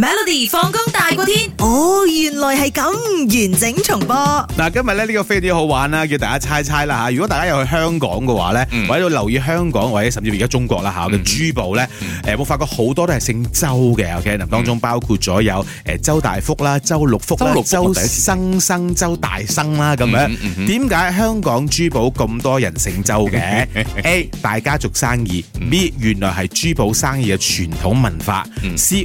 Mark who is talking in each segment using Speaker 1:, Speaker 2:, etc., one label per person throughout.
Speaker 1: Melody 放工大過天，哦，原來係咁，完整重播。嗱，今日咧呢個飛碟好玩啦，叫大家猜猜啦吓。如果大家有去香港嘅話咧，嗯、或者留意香港，或者甚至而家中國啦吓嘅珠寶咧，誒、嗯，我發覺好多都係姓周嘅，OK，嗱，當中包括咗有周大福啦、周六福啦、周生生、周大生啦咁樣。點解、嗯嗯嗯、香港珠寶咁多人姓周嘅？A oh, okay? 大家族生意，B 原來係珠寶生意嘅傳統文化、嗯、，C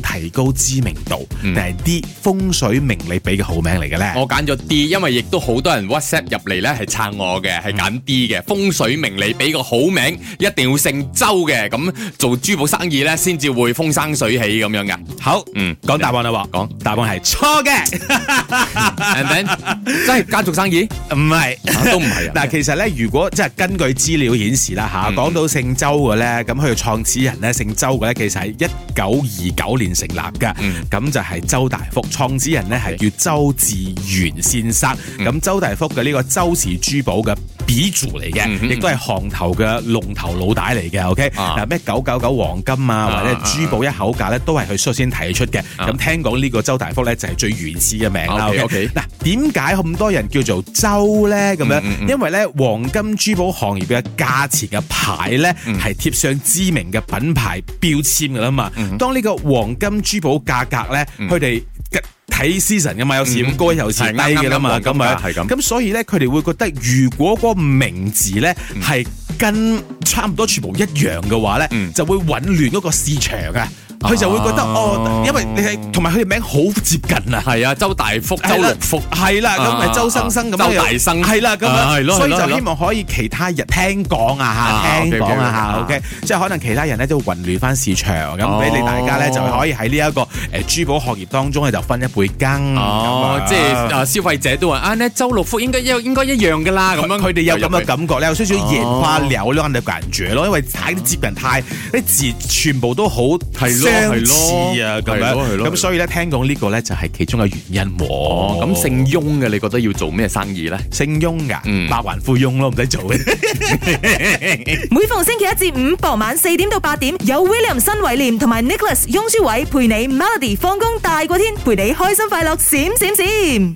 Speaker 1: 提高知名度，定係啲風水名利俾個好名嚟嘅咧？我揀咗啲，因為亦都好多人 WhatsApp 入嚟咧，係撐我嘅，係揀啲嘅風水名利俾個好名，一定要姓周嘅，咁做珠寶生意咧，先至會風生水起咁樣嘅。好，嗯，講答案啦，講、嗯、答案係錯嘅，即係家族生意，唔係是、啊、都唔係。但係其實咧，如果即係根據資料顯示啦吓，講到姓周嘅咧，咁佢嘅創始人咧姓周嘅咧，其實喺一九二九。年成立噶，咁就係周大福創始人呢，係叫周志源先生。咁周大福嘅，呢個周氏珠寶嘅鼻祖嚟嘅，亦都係行頭嘅龍頭老大嚟嘅。OK 嗱，咩九九九黃金啊，或者珠寶一口價呢，都係佢率先提出嘅。咁聽講呢個周大福呢，就係最原始嘅名啦。OK 嗱，點解咁多人叫做周呢？咁樣，因為呢黃金珠寶行業嘅價錢嘅牌呢，係貼上知名嘅品牌標籤噶啦嘛。當呢個黃黃金珠寶價格咧，佢哋睇 season 噶嘛，有時高，嗯、有時低嘅啦嘛，咁啊、嗯，係、嗯、咁。咁、嗯、所以咧，佢哋會覺得如果嗰個名字咧係、嗯、跟差唔多全部一樣嘅話咧，嗯、就會混亂嗰個市場啊。佢就會覺得哦，因為你係同埋佢嘅名好接近啊，係啊，周大福、周六福係啦，咁咪周生生咁樣，周大生係啦咁樣，所以就希望可以其他人聽講啊嚇，聽講啊嚇，OK，即係可能其他人咧都會混亂翻市場咁，俾你大家咧就可以喺呢一個誒珠寶行業當中咧就分一杯羹，哦，即係消費者都話啊呢周六福應該一應該一樣㗎啦，咁樣佢哋有咁嘅感覺，你有少少花鳥呢個感覺咯，因為睇啲字形太啲字全部都好係咯，係咯，係咯，咁所以咧，聽講呢個咧就係其中嘅原因喎。咁姓翁嘅，你覺得要做咩生意咧？姓翁噶，百萬富翁咯，唔使做嘅。每逢星期一至五傍晚四點到八點，有 William 新偉廉同埋 Nicholas 翁舒偉陪你，Melody 放工大過天，陪你開心快樂閃閃閃。